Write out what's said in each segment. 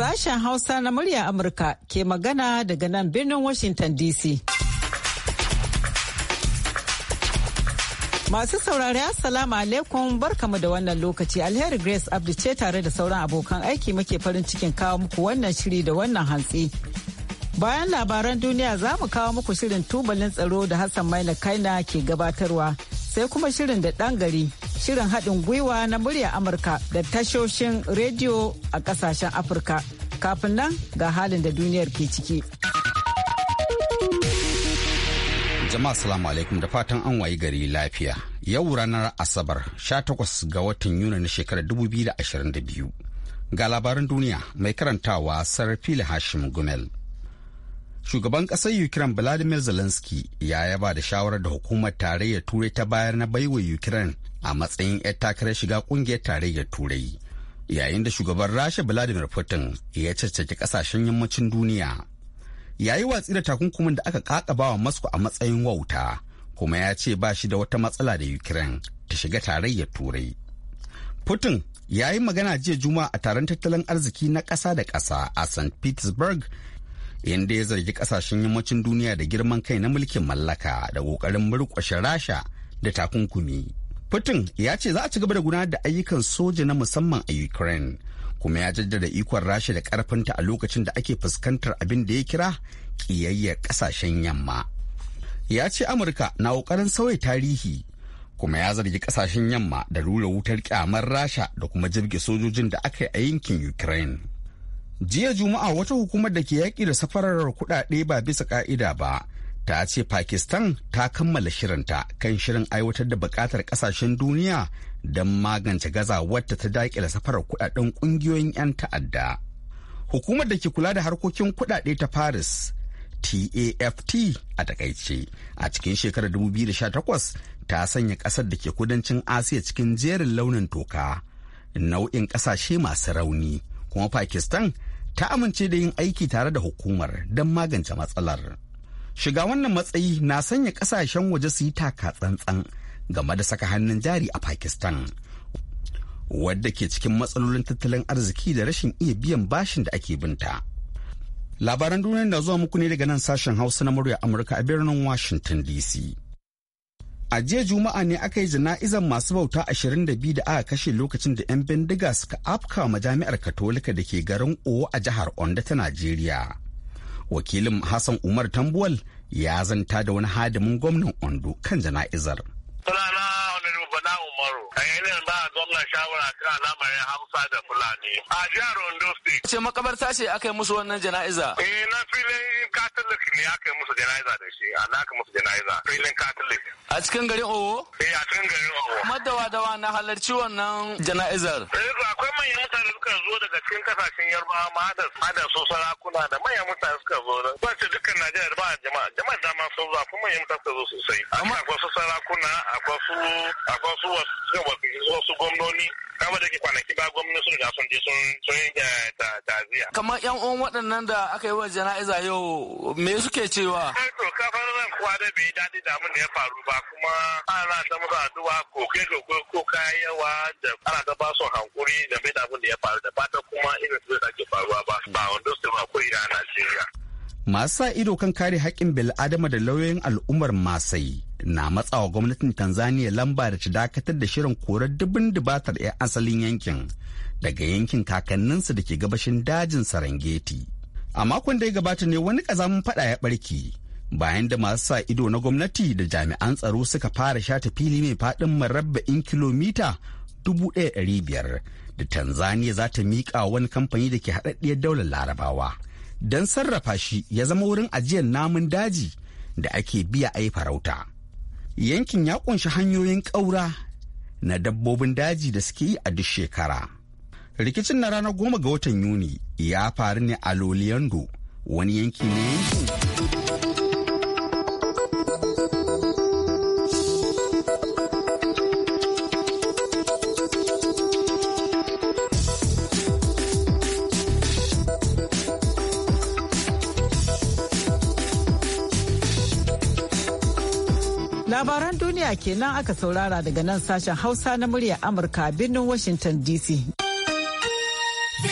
Sashen Hausa na murya Amurka ke magana daga nan birnin Washington DC. Masu saurari Assalamu alaikum barkamu da wannan lokaci alheri Grace Abdu ce tare da sauran abokan aiki muke farin cikin kawo muku wannan shiri da wannan hantsi. Bayan labaran duniya za mu kawo muku shirin tubalin tsaro da Hassan Maina Kaina ke gabatarwa. sai kuma shirin da ɗan gari shirin haɗin gwiwa na murya amurka da tashoshin rediyo a ƙasashen afirka kafin nan ga halin da duniyar ke ciki jama'a salamu alaikum da fatan an wayi gari lafiya yau ranar asabar 18 ga watan yuni na shekarar 2022 ga labaran duniya mai karantawa sarfili hashim gumel Shugaban ƙasar Ukraine Vladimir Zelensky ya yaba da shawarar da hukumar tarayyar Turai ta bayar na baiwa Ukraine a matsayin 'yar takarar shiga ƙungiyar tarayyar Turai. Yayin da shugaban Rasha Vladimir Putin ya caccaki kasashen yammacin duniya. Ya yi watsi da takunkumin da aka ƙaƙabawa Moscow a matsayin wauta, kuma ya ce ba shi da wata matsala da Ukraine ta shiga tarayyar Turai. Putin ya yi magana jiya Juma'a a taron tattalin arziki na ƙasa da ƙasa a St. Petersburg inda ya zargi kasashen yammacin duniya da girman kai na mulkin mallaka da kokarin murƙushe rasha da takunkumi putin ya ce za a ci gaba da gudanar da ayyukan soja na musamman a ukraine kuma ya jaddada ikon rasha da karfinta a lokacin da ake fuskantar abin da ya kira kiyayyar kasashen yamma ya ce amurka na ƙoƙarin sauya tarihi kuma ya zargi kasashen yamma da rura wutar kyamar rasha da kuma jirgin sojojin da aka yi a yankin ukraine jiya juma'a wata hukumar da ke yaƙi da safarar kuɗaɗe ba bisa ƙa'ida ba ta ce pakistan ta kammala shirinta kan shirin aiwatar da buƙatar ƙasashen duniya don magance gaza wadda ta daƙila safarar kuɗaɗen ƙungiyoyin 'yan ta'adda hukumar da ke kula da harkokin kuɗaɗe ta paris taft a takaice a cikin shekarar 2018 ta sanya ƙasar da ke kudancin asiya cikin jerin launin toka nau'in ƙasashe masu rauni kuma pakistan ta amince da yin aiki tare da hukumar don magance matsalar. Shiga wannan matsayi na sanya kasashen waje su yi taka tsantsan game da saka hannun jari a Pakistan, wadda ke cikin matsalolin tattalin arziki da rashin iya biyan bashin da ake binta. Labaran duniya na zuwa muku ne daga nan sashen Hausa na murya Amurka a birnin Washington DC. A jiya Juma'a ne aka yi jana'izan masu bauta 22 da aka kashe lokacin da 'yan bindiga suka afka majami'ar Katolika da ke garin Owo a jihar Ondo ta Najeriya. Wakilin Hassan Umar Tambuwal ya zanta da wani hadimin gwamnan Ondo kan jana'izar. Bala Umaru, a ba gwamnan shawara kan lamarin Hausa da Fulani. A jihar Ondo dutse. Ce makabarta ce aka yi musu wannan jana'iza? Eh na filin Catholic ne aka yi musu jana'iza da shi, ana aka musu jana'iza filin Catholic. A cikin garin Owo? Eh a cikin garin Owo. Madawa dawa na halarci wannan jana'izar. Eh akwai manyan mutane suka zo daga cikin kasashen Yarbawa ma da da su sarakuna da manyan mutane suka zo. Ba ce dukkan Najeriya ba jama'a jama'a dama sun zo akwai manyan mutane suka zo sosai. Amma akwai su sarakuna akwai su akwai su wasu gwamnoni. Kama da ke kwanaki ba gwamnoni sun ga sun je sun sun eh, taziya. Kamar yan uwan waɗannan da aka yi wa jana'iza yau me suke cewa? Eh, to kafar zan kuwa da bai daɗi da mun da ya faru ba kuma ana ta musu addu'a ko kai ko yawa da ana ta ba su hankuri da bai da mun da ya faru da fata kuma irin su da ke faruwa ba ba wanda su ma kuri a Najeriya. Masu sa ido kan kare haƙƙin adama da lauyoyin al'ummar Masai na matsawa gwamnatin Tanzania lamba da ta dakatar da shirin korar dubin dubatar 'yan asalin yankin. daga yankin kakanninsu da ke gabashin dajin Sarangeti. A makon da ya gabata ne wani kazamin fada ya ɓarke bayan da masu sa ido na gwamnati da jami'an tsaro suka fara shata fili mai faɗin marabba'in kilomita 1,500 da Tanzania za ta miƙa wani kamfani da ke haɗaɗɗiyar daular larabawa don sarrafa shi ya zama wurin ajiyar namun daji da ake biya a farauta. Yankin ya ƙunshi hanyoyin ƙaura na dabbobin daji da suke yi a duk shekara. rikicin na ranar goma ga watan yuni ya faru ne a loliyando wani yanki ne labaran duniya kenan aka saurara daga nan sashen hausa na murya amurka birnin washington dc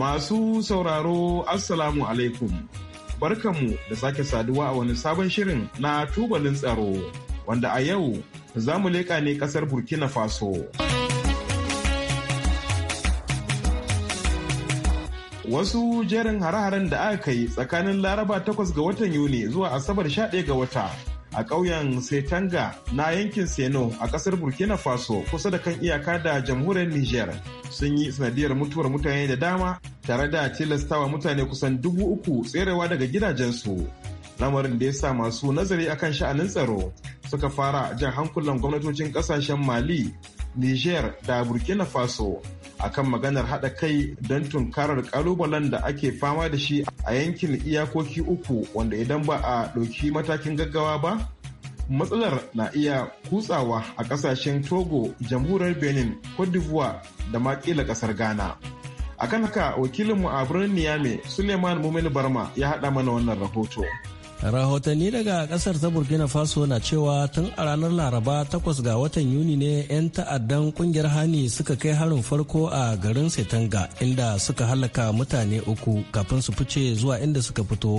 Masu sauraro Assalamu alaikum. Barkanmu da sake saduwa a wani sabon shirin na tubalin tsaro wanda a yau za mu leƙa ne ƙasar Burkina Faso. Wasu jerin hare-haren da aka yi tsakanin Laraba takwas ga watan Yuni zuwa Asabar 11 ga wata a ƙauyen Setanga na yankin Seno a ƙasar Burkina Faso kusa da kan iyaka da jamhuriyar Niger sun yi sanadiyar mutuwar mutane da dama tare da tilastawa mutane kusan dubu uku tserewa daga gidajensu. Lamarin da ya sa masu nazari akan sha'anin tsaro suka fara jan hankulan gwamnatocin ƙasashen Mali, Niger da Burkina Faso akan maganar haɗa kai don tunkarar ƙalubalen da ake fama da shi a yankin iyakoki uku wanda idan ba a ɗauki matakin gaggawa ba matsalar na iya kutsawa a ƙasashen togo jamhuriyar benin cote d'ivoire da makila ƙasar ghana a kan haka wakilinmu a birnin niamey suleiman mumin barma ya haɗa mana wannan rahoto. rahotanni daga kasar ta burkina faso na cewa tun a ranar laraba 8 ga watan yuni ne 'yan ta'addan kungiyar hani suka kai harin farko a garin setanga inda suka halaka mutane uku kafin su fice zuwa inda suka fito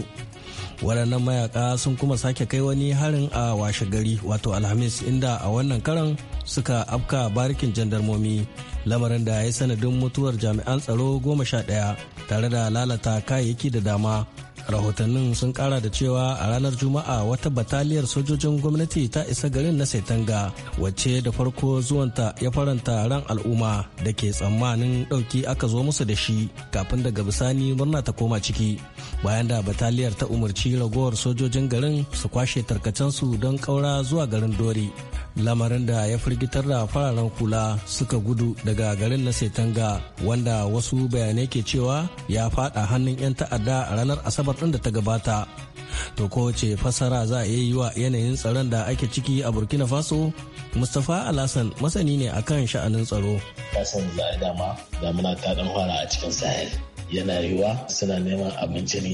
waɗannan mayaka sun kuma sake kai wani harin a washe gari wato alhamis inda a wannan karan suka afka barikin jandarmomi lamarin da ya sanadin mutuwar jami'an tsaro goma sha ɗaya tare da lalata kayayyaki da dama rahotannin sun kara da cewa a ranar juma'a wata bataliyar sojojin gwamnati ta isa garin na setanga wacce da farko zuwanta ya faranta ran al'umma da ke tsammanin ɗauki aka zo musu da shi kafin daga bisani murna ta koma ciki bayan da bataliyar ta umarci ragowar sojojin garin su kwashe tarkacensu don kaura zuwa garin dori lamarin da ya firgitar da fararen kula suka gudu daga garin na setanga wanda wasu bayanai ke cewa ya fada hannun 'yan ta'adda a ranar asabar ɗin da ta gabata to kowace fassara za a yi wa yanayin tsaron da ake ciki a burkina faso mustapha alhassan masani ne akan sha'anin tsaro a cikin sahel yana suna neman abinci ne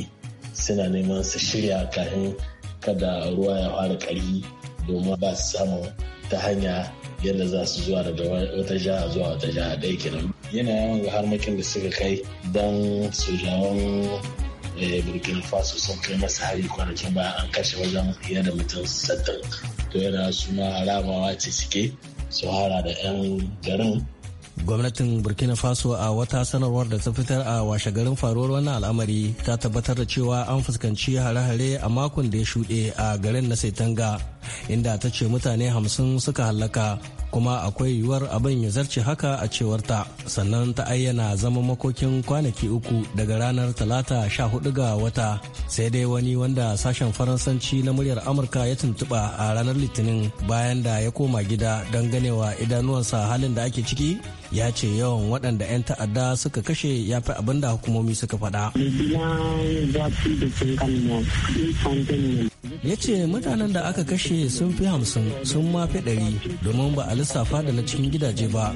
suna neman su shirya kafin kada ruwa ya fara ƙarfi domin ba su samu ta hanya yadda za su zuwa daga wata jiha zuwa wata jiha ɗaya kenan yana yawan harmakin da suka kai don jawon eh, burkina faso sun kai masa hari kwanakin bayan an kashe wajen fiye da mutum sattin to yana suna rabawa ce suke su hara da 'yan garin gwamnatin burkina faso a wata sanarwar da ta fitar a washegarin faruwar wannan al'amari ta tabbatar da cewa an fuskanci hare-hare a makon da ya shuɗe a garin na saitanga inda ta ce mutane hamsin suka hallaka kuma akwai yiwuwar abin ya zarce haka a cewarta sannan ta ayyana zama makokin kwanaki uku daga ranar talata sha hudu ga wata sai dai wani wanda sashen faransanci na muryar amurka ya tuntuɓa a ranar litinin bayan da ya koma gida don ganewa idanuwansa halin da ake ciki ya ce yawan waɗanda 'yan ta'adda suka kashe ya fi abin da hukumomi suka faɗa. ya ce mutanen da aka kashe sun fi hamsin sun ma fi ɗari domin ba a lissafa da na cikin gidaje ba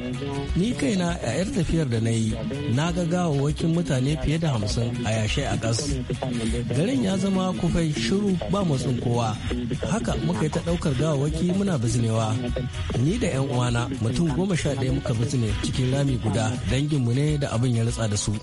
ni kaina a yar tafiyar da na yi na ga gawawakin mutane fiye da hamsin a yashe a ƙas garin ya zama kufai shiru ba motsin kowa haka muka yi ta ɗaukar gawawaki muna bizinewa ni da yan uwana mutum goma sha ɗaya muka bizine cikin rami guda danginmu ne da abin ya ritsa da su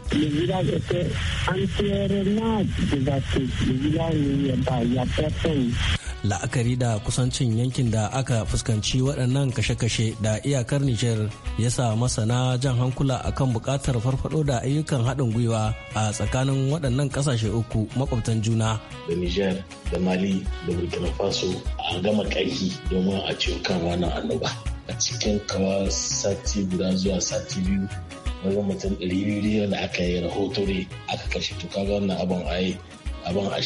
la'akari da kusancin yankin da aka fuskanci waɗannan kashe-kashe da iyakar niger ya sa masana jan hankula akan buƙatar farfado da ayyukan haɗin gwiwa a tsakanin waɗannan ƙasashe uku makwabtan juna. Da niger da Mali, da Burkina Faso a gama ƙarfi domin a ciwo kan wannan annoba. A cikin kawa sati guda zuwa sati biyu wajen mutum ɗari biyu da aka yi rahoto ne aka kashe to kaga wannan abin a abin a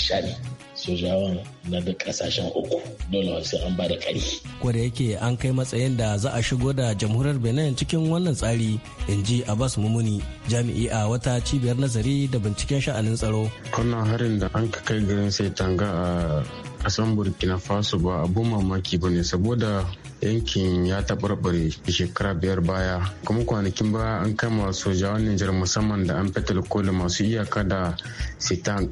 sojawan na duk kasashen uku dole sai an ba da kari. Kwada yake an kai matsayin da za a shigo da jamhuriyar Benin cikin wannan tsari in ji Abbas Mumuni jami'i a wata cibiyar nazari da binciken sha'anin tsaro. Wannan harin da an kai garin sai tanga a kasan burkina faso ba abun mamaki ba ne saboda yankin ya taɓarɓare shekara biyar baya kuma kwanakin ba an kama soja wani jar musamman da an fetal koli masu iyaka da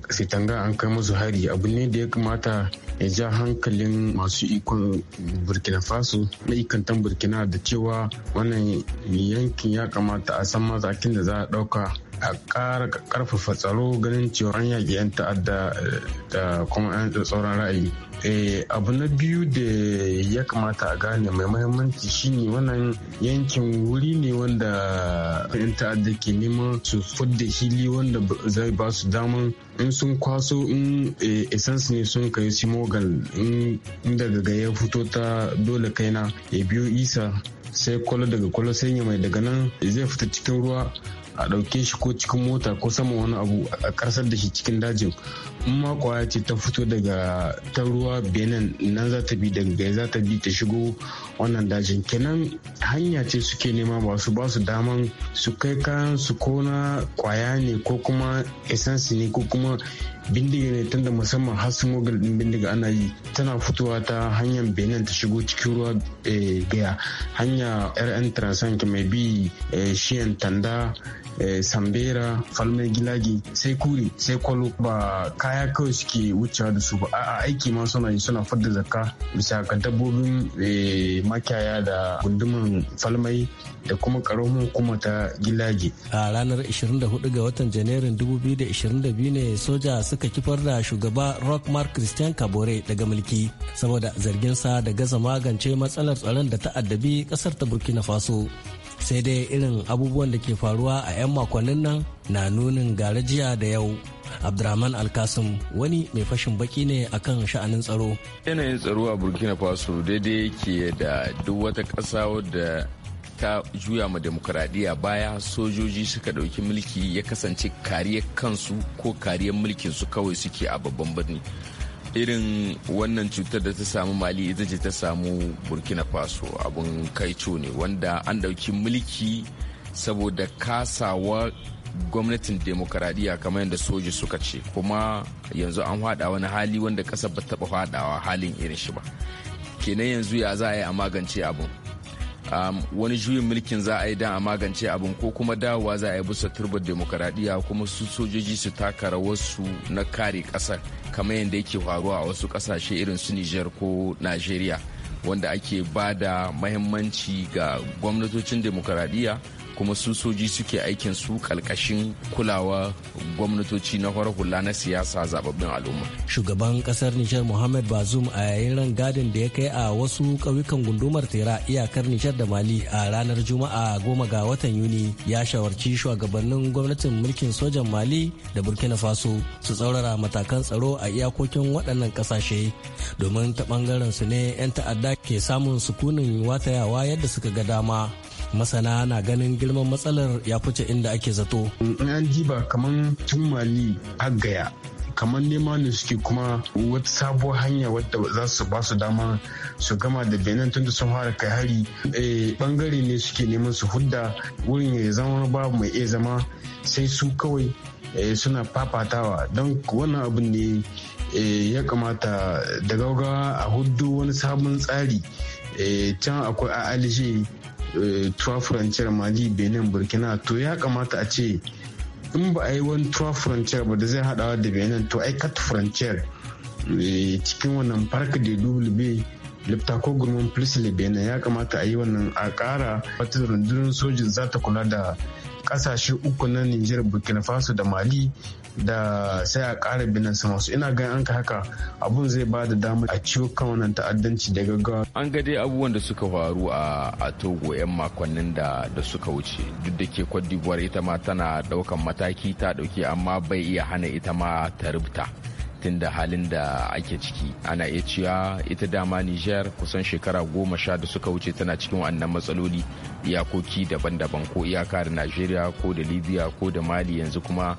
sitanga an kai musu hari abu ne da ya kamata ya ja hankalin masu ikon burkina faso ikantan burkina da cewa wannan yankin ya kamata a san mazakin da za a ɗauka a ƙara ƙarfafa tsaro ganin cewa an yaƙi 'yan ta'adda eh, da kuma 'yan tsoron ra'ayi eh, abu na biyu da ya kamata a gane mai mahimmanci shine wannan yankin wuri ne wanda 'yan ta'adda ke neman su fudda hili wanda zai ba su daman in sun kwaso in eh, essence ne sun kai simogal in daga gaya fito ta dole kaina ya biyo isa sai kwallo daga kwallo sai mai daga nan zai fita cikin ruwa a ɗauke shi ko cikin mota ko sama wani abu a karsar da shi cikin dajin in ma kwaya ce ta fito daga ta ruwa benin nan za ta bi daga za ta bi ta shigo wannan dajin kenan hanya ce suke nema ba su ba su daman su kai kayan su ko na kwaya ne ko kuma essence ne ko kuma bindiga ne tunda musamman har mogul din bindiga ana yi tana fitowa ta hanyar benin ta shigo cikin ruwa eh, gaya hanya rn transank mai bi eh, shiyan tanda Eh, sambera falmai gilagi sai kuri sai kwalo ba kaya kawai suke wucewa da su ba a aiki ma suna suna fadda zakka bisa ga dabbobin eh, makiyaya da gundumin falmai da kuma karamin kuma ta gilagi A ranar 24 ga watan Janairun 2022 ne soja suka kifar da shugaba Rock Mark Christian Kabore daga mulki saboda zargin sa da gaza magance matsalar tsaron da ta'addabi kasar ta Burkina Faso. sai dai irin abubuwan da ke faruwa a 'yan makonnin nan na nunin garajiya da yau abdurrahman alkasim wani mai fashin baki ne akan sha'anin tsaro yanayin tsaro a burkina faso daidai yake da duk wata ƙasa da ta juya ma demokuraɗiyya baya sojoji suka ɗauki mulki ya kasance kariyar kansu ko kariyar mulkin su kawai suke a babban birni irin wannan cutar da ta samu mali ita ce ta samu burkina faso abun kaico ne wanda an ɗauki mulki saboda kasawa gwamnatin demokaradiyya kamar yadda soji suka ce kuma yanzu an hada wani hali wanda ƙasa ba taba hadawa halin irin shi ba kenan yanzu ya za a yi a magance abin wani juyin mulkin za a yi dan a magance abin ko kuma dawowa za a yi bisa turbar demokaradiyya kuma su sojoji su taka rawarsu na kare kasar kamar yadda yake faruwa a wasu kasashe irin su Nijar ko Najeriya wanda ake ba da mahimmanci ga gwamnatocin demokaradiyya kuma sun soji suke aikin su kalkashin kulawa gwamnatoci na farar hula na siyasa zababbin al'umma. Shugaban kasar Nijar Muhammad Bazoum a yayin rangadin da ya kai a wasu ƙauyukan gundumar Tera iyakar Nijar da Mali a ranar Juma'a goma ga watan Yuni ya shawarci shugabannin gwamnatin mulkin sojan Mali da Burkina Faso su tsaurara matakan tsaro a iyakokin waɗannan ƙasashe domin ta ɓangaren su ne 'yan ta'adda ke samun sukunin watayawa yadda suka ga dama masana na ganin girman matsalar ya fice inda ake zato. in an jiba kamar tun mali haggaya kamar nema ne suke kuma wata sabuwar hanya wadda za su ba su dama su gama da benin tun da sun fara kai hari eh, bangare ne suke neman su hudda wurin ya zama ba mai iya zama sai su kawai eh, suna fafatawa don wannan abin ne eh, ya kamata da gaugawa a hudu wani sabon tsari can akwai a alishe trois frontières mali benin burkina to ya kamata a ce in ba a yi wani trois ba da zai hadawa da benin to ai kat frontière eh, cikin wannan park de w lifta ko gurman plus benin ya kamata a yi wannan a kara wata rundunar sojin za ta kula da kasashe uku na Nijar Burkina Faso da Mali da sai a ƙara binan sama su ina ganin an ka haka abun zai ba da damar a ciwo kan wannan ta'addanci da gaggawa. An ga dai abubuwan da suka faru a Togo 'yan makonnin da suka wuce duk da ke Cote ita ma tana ɗaukan mataki ta ɗauke amma bai iya hana ita ma ta rubuta. tun da halin da ake ciki ana iya cewa ita dama niger kusan shekara goma sha da suka wuce tana cikin wannan matsaloli iyakoki daban-daban ko iyaka da Nigeria ko da libya ko da mali yanzu kuma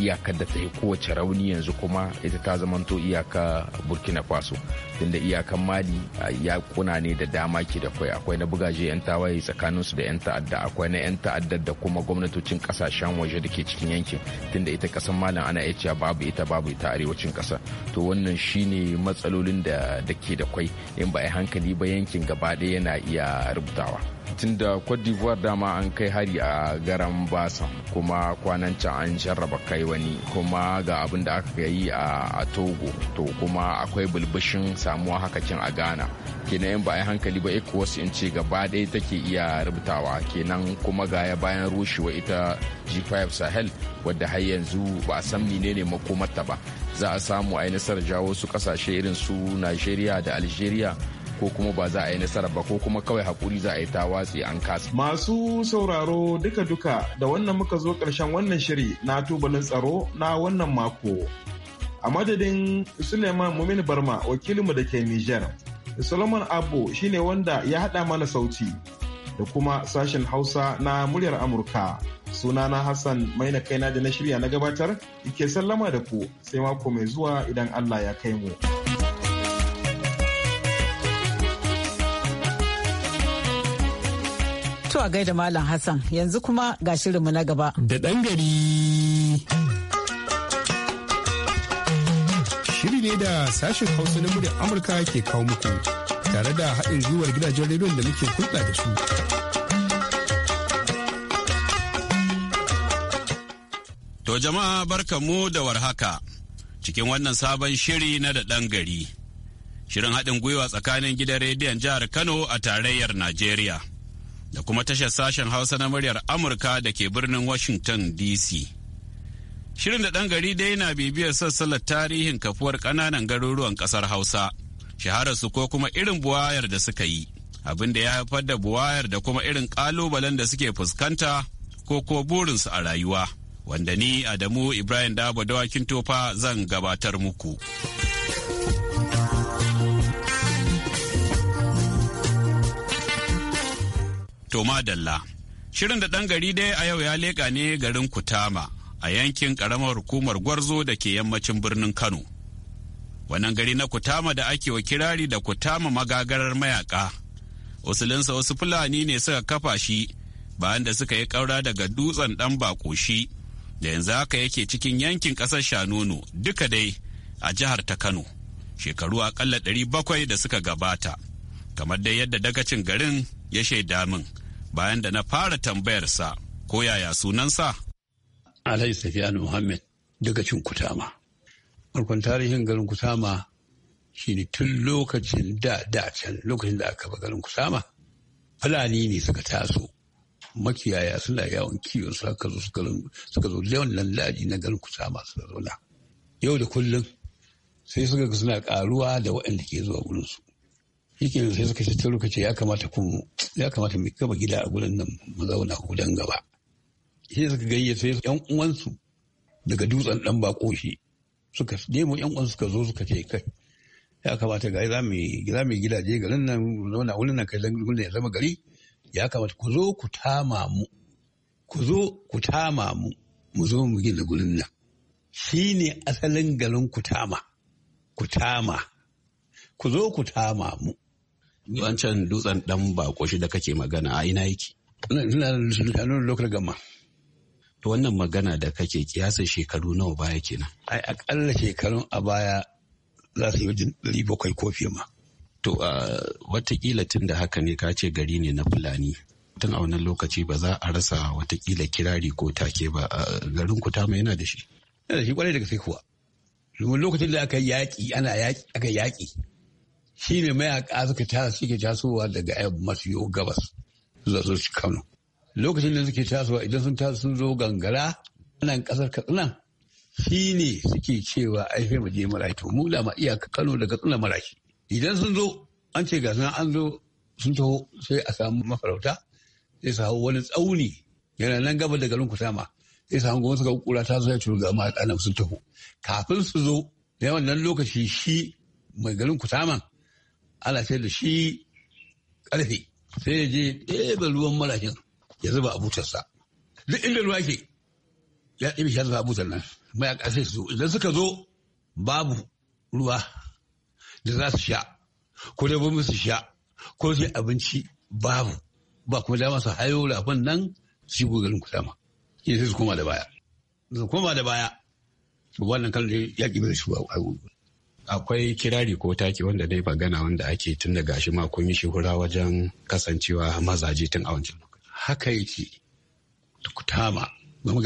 iyakar da ta yi kowace rauni yanzu kuma ita ta zamanto iyaka burkina faso tunda iyakan mali ya kuna ne da dama ke da kwai akwai na bugaje 'yan tawaye tsakanin su da 'yan ta'adda akwai na 'yan ta'adda da kuma gwamnatocin kasashen waje da ke cikin yankin tunda ita kasan malam ana iya cewa babu ita babu ita arewacin kasa to wannan shine matsalolin da ke da kwai in ba a hankali ba yankin gaba ɗaya yana iya rubutawa. tunda Cote d'Ivoire dama an kai hari a garan Basa kuma kwanan can an sharraba kai wani kuma ga abin da aka yi a Togo to kuma akwai bulbushin samuwa hakakin a Ghana kenan yan ba a hankali ba ECOWAS in ce gaba ɗaya take iya rubutawa kenan kuma ga ya bayan rushewa ita G5 Sahel wadda har yanzu ba a san menene makomarta ba za a samu a yi nasarar jawo su kasashe irin su nigeria da Algeria ko kuma ba za a yi nasara ba ko kuma kawai hakuri za a yi ta watsi an kasa. Masu sauraro duka-duka da wannan muka zo ƙarshen wannan shiri na tubalin tsaro na wannan mako. A madadin Suleiman Mumin Barma wakilinmu da ke Nijar, Solomon Abbo shine wanda ya haɗa mana sauti da kuma sashen Hausa na muryar Amurka. Sunana Hassan maina kaina da na shirya na gabatar, ke sallama da ku sai mako mai zuwa idan Allah ya kai mu. To a gaida Malam Hassan yanzu kuma ga shirinmu na gaba. Da ɗan gari. Shiri ne da sashen Hausa na muryar Amurka ke kawo muku tare da haɗin gwiwar gidajen rediyon da muke hulɗa da su. To jama'a barkamu da warhaka cikin wannan sabon shiri na da ɗan gari. Shirin haɗin gwiwa tsakanin gidan rediyon jihar Kano a tarayyar Najeriya. da kuma tashar sashen Hausa na muryar Amurka da ke birnin Washington DC. Shirin da ɗan gari dai na bibiyar sassalar tarihin kafuwar ƙananan garuruwan ƙasar Hausa, shahararsu ko kuma irin buwayar da suka yi, abin da ya haifar da buwayar da kuma irin ƙalubalen da suke fuskanta ko ko burinsu a rayuwa, wanda ni Adamu Ibrahim Dabo Dawakin Tofa zan gabatar muku. To madalla. Shirin da ɗan gari dai a yau ya leƙa ne garin Kutama a yankin ƙaramar hukumar Gwarzo da ke yammacin birnin Kano. Wannan gari na Kutama da ake wa kirari da Kutama magagarar mayaka. Usulinsa wasu Fulani ne suka kafa shi bayan da suka yi ƙaura daga dutsen ɗan bakoshi da yanzu haka yake cikin yankin ƙasar Shanono duka dai a jihar ta Kano. Shekaru aƙalla ɗari bakwai da suka gabata. Kamar dai yadda dagacin garin ya shaida min bayan da na fara tambayarsa ko yaya sunansa. Alhaji Safiyan Muhammad daga cin Kutama. Farkon tarihin garin Kutama shi ne tun lokacin da da can lokacin da aka ba garin Kutama. Fulani ne suka taso makiyaya suna yawon kiwon su aka zo suka zo lewan lallaji na garin Kutama suka zauna. Yau da kullum sai suka suna karuwa da waɗanda ke zuwa wurinsu. shikin sai suka tattaro ka ce ya kamata kun ya kamata mu gaba gida a gurin nan mu zauna dan gaba sai suka sai yan uwansu daga dutsen dan bako shi suka nemo yan uwansu suka zo suka ce kai ya kamata ga za mu za mu gidaje garin nan mu zauna wurin nan kai gurin ya zama gari ya kamata ku zo ku tama mu ku zo ku tama mu mu zo mu gina gurin nan shi ne asalin garin ku tama ku tama ku zo ku tama mu wancan dutsen dan bako shi da kake magana a ina yake ina lokacin gama to wannan magana da kake kiyasa shekaru nawa baya kenan ai akalla shekarun a baya za su yi wajen ɗari bakwai ko fiye ma to watakila tun da haka ne ka ce gari ne na fulani tun a wannan lokaci ba za a rasa watakila kirari ko take ba garin ku ta yana da shi yana da shi kwarai daga sai kuwa lokacin da aka yaƙi ana yaƙi aka yaƙi shi ne mayaka suka tara suke tasowa daga ayab masu gabas zuwa su ci kano lokacin da suke tasowa idan sun taso sun zo gangara nan kasar katsina shi ne suke cewa aife mu je maraki to mu da ma iyaka kano da katsina idan sun zo an ce ga an zo sun taho sai a samu mafarauta sai su hau wani tsauni yana nan gaba da garin kusama sai su hango wasu kura ta zo ya ga ma sun taho kafin su zo da nan lokaci shi mai garin kusaman ana sai da shi ƙarfe sai ya je ɗebe ruwan marashin ya zuba a butarsa duk inda ruwa ke ya ɗebe shi ya zuba a butar nan mayaƙa sai su idan suka zo babu ruwa da za su sha ko dai bamu su sha ko sai abinci babu ba kuma dama su hayo rafin nan su yi garin kusama sai su koma da baya su koma da baya to wannan kan yaƙi bai da shi ba a akwai kirari ko taki wanda dai magana wanda ake tun da gashi ma kun yi shuhura wajen kasancewa mazaje tun a wancan haka yake kutama ba mu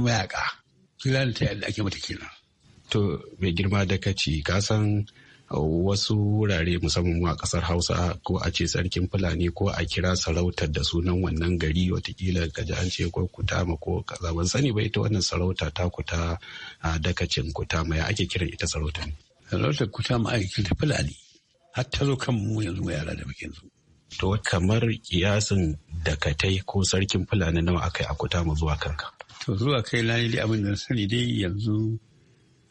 mayaka kiran ta yadda ake mata kenan to mai girma da kaci ka san wasu wurare musamman a kasar hausa ko a ce sarkin fulani ko a kira sarautar da sunan wannan gari watakila ka ji an ce ko kutama ko kaza ban sani ba ita wannan sarauta ta kuta dakacin kutama ya ake kiran ita sarautar sarautar kuta ma'aikin ta fulani har ta zo kan mu yanzu yara da muke yanzu. To kamar kiyasin dakatai ko sarkin fulani nawa akai yi akuta mu zuwa kanka. To zuwa kai na dai abin da sani dai yanzu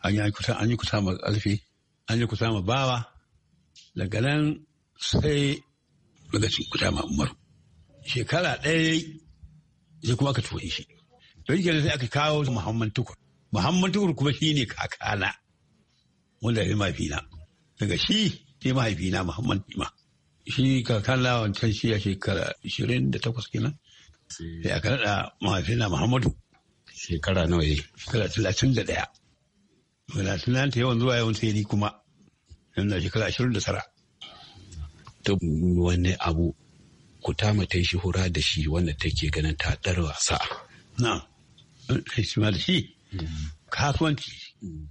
an yi kusa an yi kusa ma alfi an yi kusa ma bawa daga nan sai daga cikin kusa ma umaru. Shekara ɗaya sai kuma aka tuwe shi. Don kenan sai aka kawo Muhammad Tukur. Muhammad Tukur kuma shi ne kakana. wanda ya mahaifina daga shi sai mahaifina muhammad ima shi kakala lawancan shi a shekara 28 da takwas kenan sai aka naɗa mahaifina muhammadu shekara nawa ya shekara talatin da ɗaya talatin yawan zuwa yawan sai ni kuma yanzu shekara 29 da wani abu ku ta mata shi hura da shi wanda take ganin ta ɗar wasa na shi ma da shi mm. kasuwanci mm.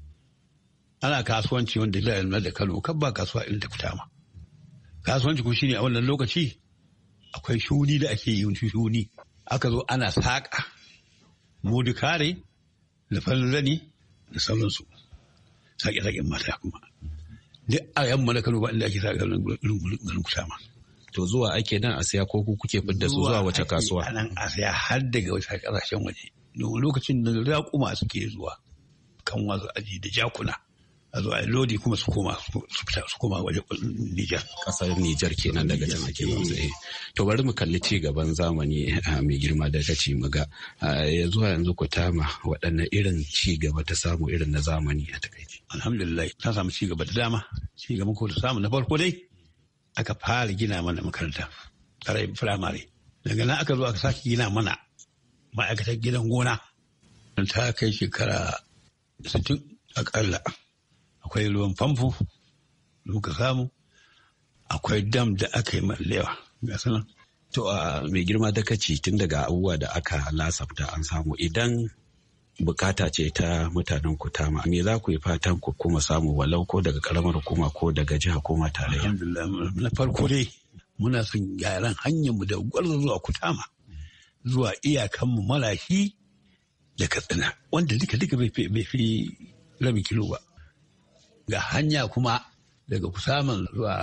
ana kasuwanci wanda zai na da Kano kan ba kasuwa inda ta kutama kasuwanci ku shine a wannan lokaci akwai shuni da ake yi shuni aka zo ana saƙa mudu kare da zani da sauransu saƙe-saƙen mata kuma duk a yamma na Kano ba inda ake saƙa garin kutama to zuwa ake nan a siya ko ku kuke fidda su zuwa wace kasuwa nan a siya har daga wata kasashen waje lokacin da raƙuma suke zuwa kan wasu aji da jakuna a zo a lodi kuma su koma su koma waje Nijar. Kasar Nijar kenan daga can ake motsa. To bari mu kalli ci gaban zamani eh, mai girma da ta mu muga. Ya zuwa yanzu ku tama waɗanne irin ci gaba ta samu irin na zamani a takaici. Alhamdulillah ta samu ci gaba da dama. Ci gaba ko ta samu na farko dai aka fara gina mana makaranta. Tare firamare. Daga nan aka zo aka sake gina mana ma'aikatar gidan gona. Ta kai shekara 60 akalla. akwai ruwan famfo muka samu akwai dam da aka yi mallewa ga to a mai girma da kaci tun daga abubuwa da aka lasafta an samu idan bukata ce ta mutanen ku ta me za ku yi fatan ku kuma samu walau ko daga karamar hukuma ko daga jiha ko ma na farko dai muna son gyaran hanyar mu da gwarzo zuwa kutama zuwa iyakanmu malashi da katsina wanda duka duka bai fi rabin kilo ba ga hanya kuma daga kusaman zuwa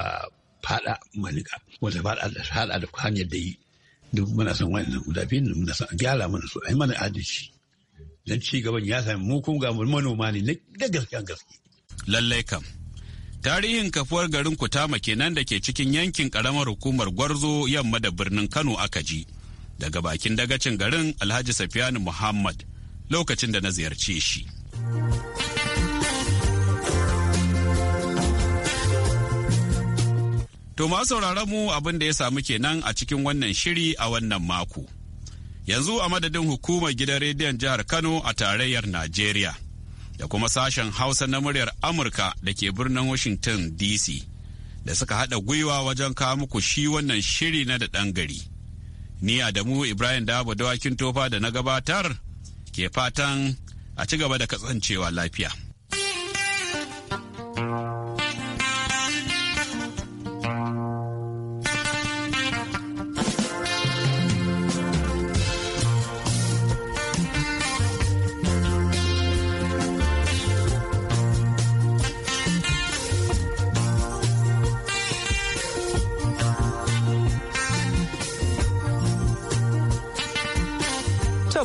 fada malika wanda fada da fada da hanyar da yi duk muna son wannan guda biyu muna san gyara mana su ai mana adalci dan ci gaban ya sami mu kuma ga manoma ne da gaskiya gaske lallai kam tarihin kafuwar garin kutama kenan da ke cikin yankin karamar hukumar gwarzo yamma da birnin kano aka ji daga bakin dagacin garin alhaji safiyanu muhammad lokacin da na ziyarce shi. To ma sauraron mu abin da ya samu kenan a cikin wannan shiri a wannan mako. Yanzu a madadin hukumar gidan rediyon jihar Kano a tarayyar Najeriya da kuma sashen Hausa na muryar Amurka da ke birnin Washington DC da suka haɗa gwiwa wajen kawo muku shi wannan shiri na da ɗan gari. Ni Adamu Ibrahim Dabo dawakin tofa da na gabatar ke fatan a ci gaba da kasancewa lafiya.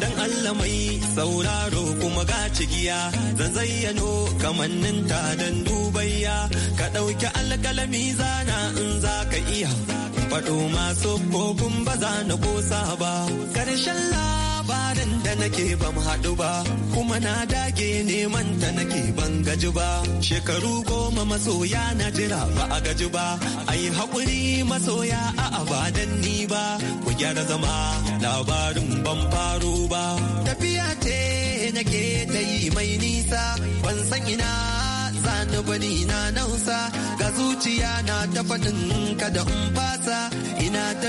dan Allah mai sauraro kuma ga cigiya zan zayyano kamanninta dan dubayya ka ɗauki alƙalami zana in za ka iya faɗo masu kofin ba za na kosa ba ƙarshen la labarin da nake ban haɗu ba kuma na dage neman ta nake ban gaji ba shekaru goma masoya na jira ba a gaji ba ai haƙuri masoya a abadan ni ba ku gyara zama labarin ban faru ba tafiya ce nake ta yi mai nisa ban san ina sani bani na nausa ga zuciya na ta faɗin kada in fasa ina ta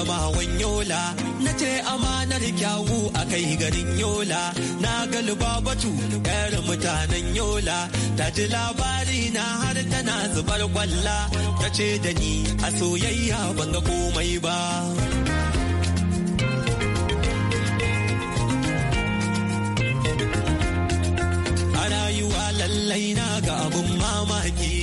adamawan yola na ce amanar kyawu a kai garin yola na ga lubabatu yar mutanen yola ta ji labari na har tana zubar kwalla ta ce da ni a soyayya ban ga komai ba lallai na ga abun mamaki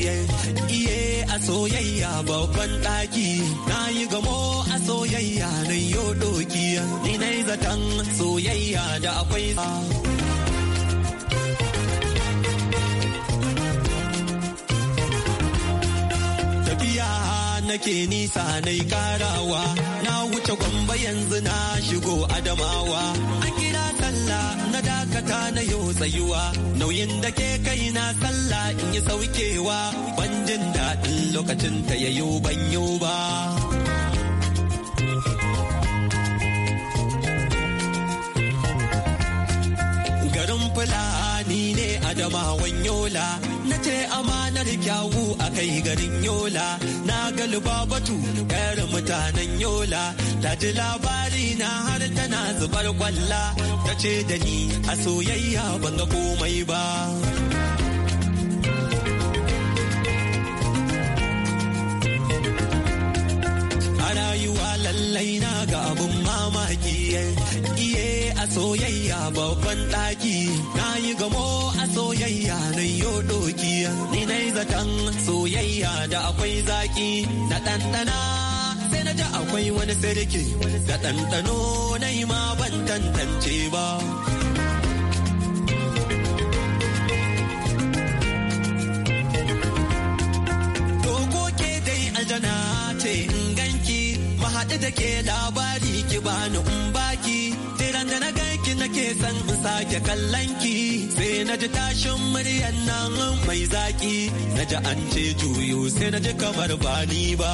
soyayya babban ɗaki na yi gamo a soyayya na yo doki ni na yi zaton soyayya da akwai tafiya nake nisa na yi karawa na wuce gwamba yanzu na shigo adamawa dakata na yau tsayuwa nauyin da ke kai na sallah in yi saukewa ban jin daɗin lokacin ta yayo ban yau ba. garin fulawa da adamawan yola na ce amanar kyawu a kai garin yola na galiba batu yar mutanen yola ta ji labari na har tana zubar kwalla ta ce da ni a soyayya ban ga komai ba lallai na ga abun mamaki iye a soyayya babban ɗaki na yi gamo a soyayya na yo doki ni na zaton soyayya da akwai zaki na ɗanɗana sai na ji akwai wani sarki da ɗanɗano na yi ma ban tantance ba haɗu da ke labari ki bani in baki tiran da na ganki nake san in sake kallon ki sai na ji tashin muryar nan mai zaki na ji an ce juyo sai na ji kamar bani ba